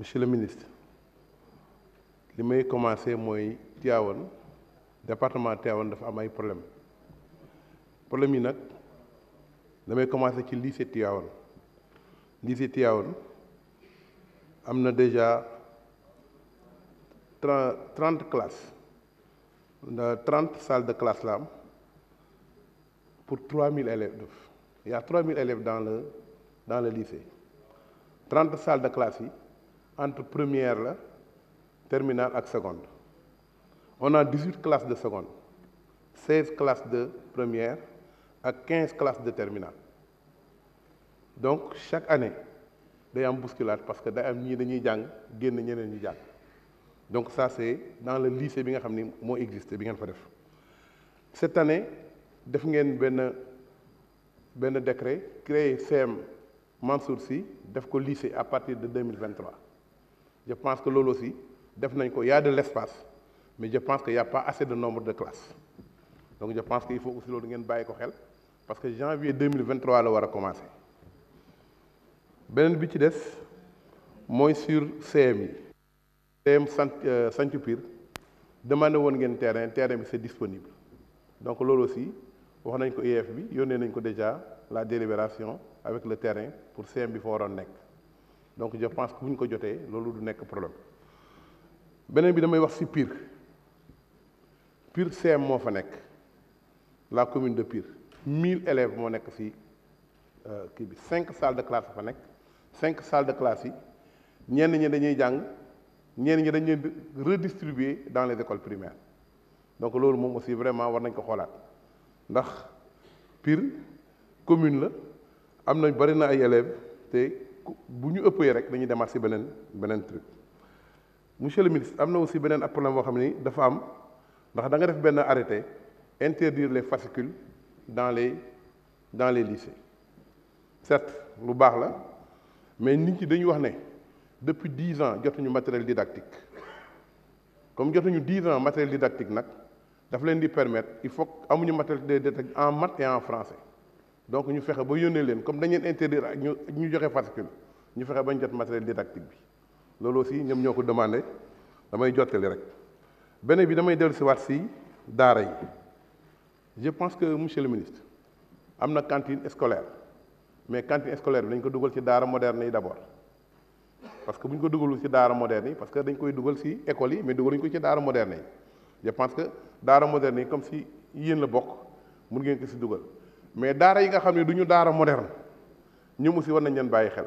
Monsieur le ministre, je vais j'ai commencé, le département de Tiawan a eu des problèmes. Le problème, c'est que j'ai commencé au lycée de Le lycée de a déjà 30 classes, 30 salles de classe là, pour 3000 élèves. Il y a 3000 élèves dans le lycée. 30 salles de classe entre première terminale et seconde on a 18 classes de seconde 16 classes de première et 15 classes de terminale donc chaque année a am bousculade parce que day am de dañuy jàng génn ñeneen donc ça c'est dans le lycée qui existe. existé cette année def avez fait un décret créé CEM Mansourci Sy def lycée à partir de 2023 je pense que l'OLO aussi il y a de l'espace mais je pense qu'il n'y a pas assez de nombre de classes donc je pense qu'il faut aussi que ngeen bàyyi parce que janvier 2023 là va recommencer. commencer beneen bi sur CM CMI. CM saint euh, Santhiou Pire demandé terrain, terrain, terrain terrain est disponible donc loolu aussi on e a déjà la délibération avec le terrain pour le bi donc je pense que c'est ko joté du problème Mais bi damay wax ci Pire Pire CM mo fa la commune de Pire 1000 élèves sont fi euh bi salles de classe fa nek 5 salles de classe yi ñen ñi dañuy jang ñi redistribuer dans les écoles primaires donc ce qui aussi vraiment war nañ ko ndax Pire commune la am nañ bari na ay élèves té buñu ñu ëppee rek dañuy demaat si beneen beneen truc monsieur le ministre am na aussi beneen ab problème boo xam ni dafa am ndax da nga def benn arrêté interdire les fascicules dans les dans les lycées certes lu baax la mais nit ñi dañuy wax ne depuis dix ans jotuñu matériel didactique comme jotuñu dix ans matériel didactique nag daf leen di permettre il faut amuñu matériel didactique en maths et en français donc ñu fexe ba yónnee leen comme dañ leen interdire nous ñu ñu joxe particule ñu fexe jot matériel didactique bi loolu aussi ñoom ñoo demander demandé damay jottali rek dire. Bien évidemment, il y a aussi daara yi je pense que monsieur le ministre a na cantine scolaire mais cantine scolaire nous dañ ko dugal ci daara moderne d'abord parce que nous ñu ko dugalul ci arts moderne parce que dañ koy dugal si école yi mais dugaluñu ko ci daara moderne modernes. je pense que des moderne modernes comme si yéen la bokk mun ngeen ko des dugal mais daara yi nga xam ne du ñu daara moderne ñoom aussi war nañ leen bàyyi xel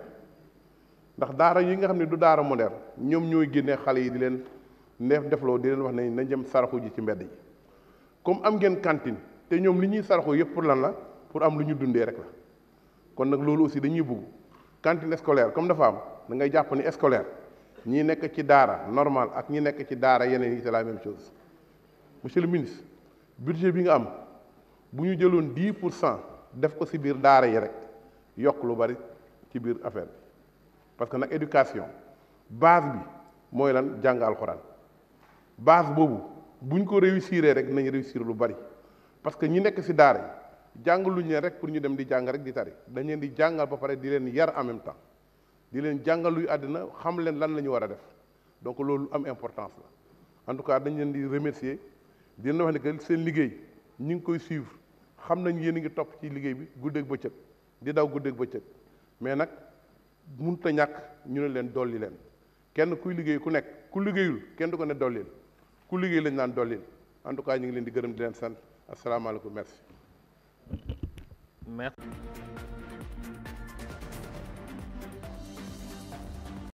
ndax daara yi nga xam ne du daara moderne ñoom ñooy génne xale yi di leen neef defloo di leen wax ne na jëm saraxu ji ci mbedd yi comme am ngeen cantine te ñoom li ñuy saraxu yëpp pour lan la pour am lu ñu dundee rek la kon nag loolu aussi dañuy bugg cantine scolaire comme dafa am da ngay jàpp ni scolaire ñi nekk ci daara normal ak ñi nekk ci daara yeneen yi c'est la même chose le ministre budget bi nga am. Si nous avons 10 def ko ci affaire parce que nous éducation base bi moy lan base réussir rek nañ réussir parce que daara yi rek pour ñu dem di jàng ba pare di leen yar en même temps di leen jàngal luy nous xam leen lan lañu donc loolu am importance la en tout cas dañ di remercier di wax suivre. xam nañ yéen a ngi topp ci liggéey bi guddeeg bëccëg di daw guddeeg bëccëg mais nag mënut a ñàkk ñu ne leen dolli leen kenn kuy liggéey ku nekk ku liggéeyul kenn du ko ne dollil ku liggéey lañ naan dollil en tout cas ñu ngi leen di gërëm di leen sant asalaamaaleykum merci. merci.